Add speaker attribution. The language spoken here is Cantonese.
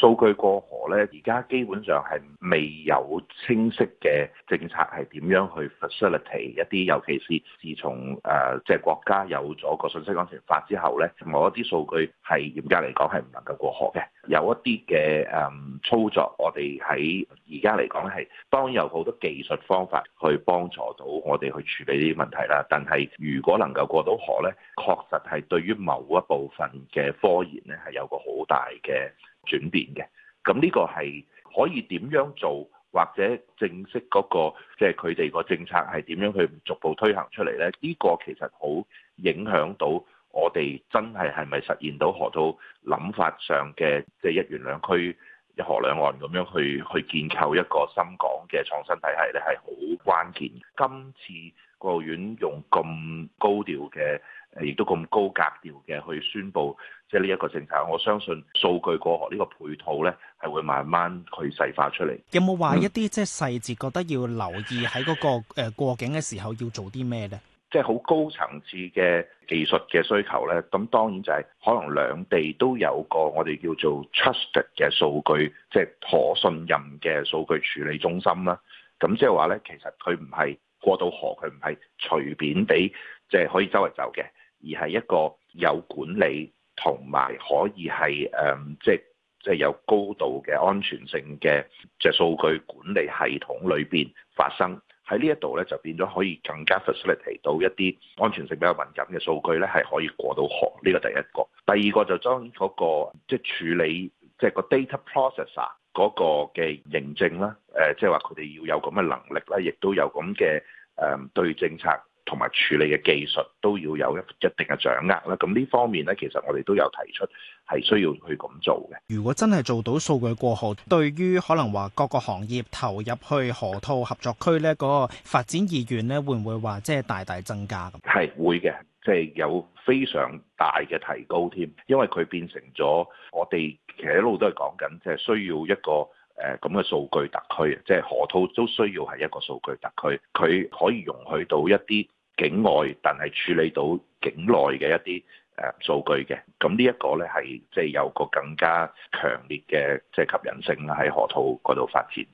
Speaker 1: 數據過河呢，而家基本上係未有清晰嘅政策係點樣去 facilitate 一啲，尤其是自從誒、呃、即係國家有咗個信息安全法之後呢，某一啲數據係嚴格嚟講係唔能夠過河嘅。有一啲嘅誒操作我在在，我哋喺而家嚟講咧係當然有好多技術方法去幫助到我哋去處理呢啲問題啦。但係如果能夠過到河呢，確實係對於某一部分嘅科研呢，係有個好大嘅轉變嘅，咁呢個係可以點樣做，或者正式嗰個，即係佢哋個政策係點樣去逐步推行出嚟呢？呢個其實好影響到我哋真係係咪實現到河套諗法上嘅即係一元兩區。河兩岸，咁樣去去建構一個深港嘅創新體系咧，係好關鍵。今次國務院用咁高調嘅，誒亦都咁高格調嘅去宣佈，即係呢一個政策，我相信數據過河呢個配套咧，係會慢慢去細化出嚟。
Speaker 2: 有冇話一啲即係細節，覺得要留意喺嗰個誒過境嘅時候要做啲咩咧？
Speaker 1: 即係好高層次嘅技術嘅需求呢，咁當然就係可能兩地都有個我哋叫做 trusted 嘅數據，即係可信任嘅數據處理中心啦。咁即係話呢，其實佢唔係過到河，佢唔係隨便地即係可以周圍走嘅，而係一個有管理同埋可以係誒，即係即係有高度嘅安全性嘅即係數據管理系統裏邊發生。喺呢一度咧，就變咗可以更加 facilitate 到一啲安全性比較敏感嘅數據咧，係可以過到河。呢個第一個，第二個就將嗰個即係處理，即係個 data processor 嗰個嘅認證啦。誒，即係話佢哋要有咁嘅能力啦，亦都有咁嘅誒對政策。同埋處理嘅技術都要有一一定嘅掌握啦。咁呢方面呢，其實我哋都有提出係需要去咁做嘅。
Speaker 2: 如果真係做到數據過河，對於可能話各個行業投入去河套合作區呢個發展意願呢，會唔會話即係大大增加？
Speaker 1: 係會嘅，即係有非常大嘅提高添。因為佢變成咗我哋其實一路都係講緊，即係需要一個誒咁嘅數據特區，即係河套都需要係一個數據特區，佢可以容許到一啲。境外，但係處理到境內嘅一啲誒數據嘅。咁呢一個咧係即係有個更加強烈嘅即係吸引性喺河套嗰度發展。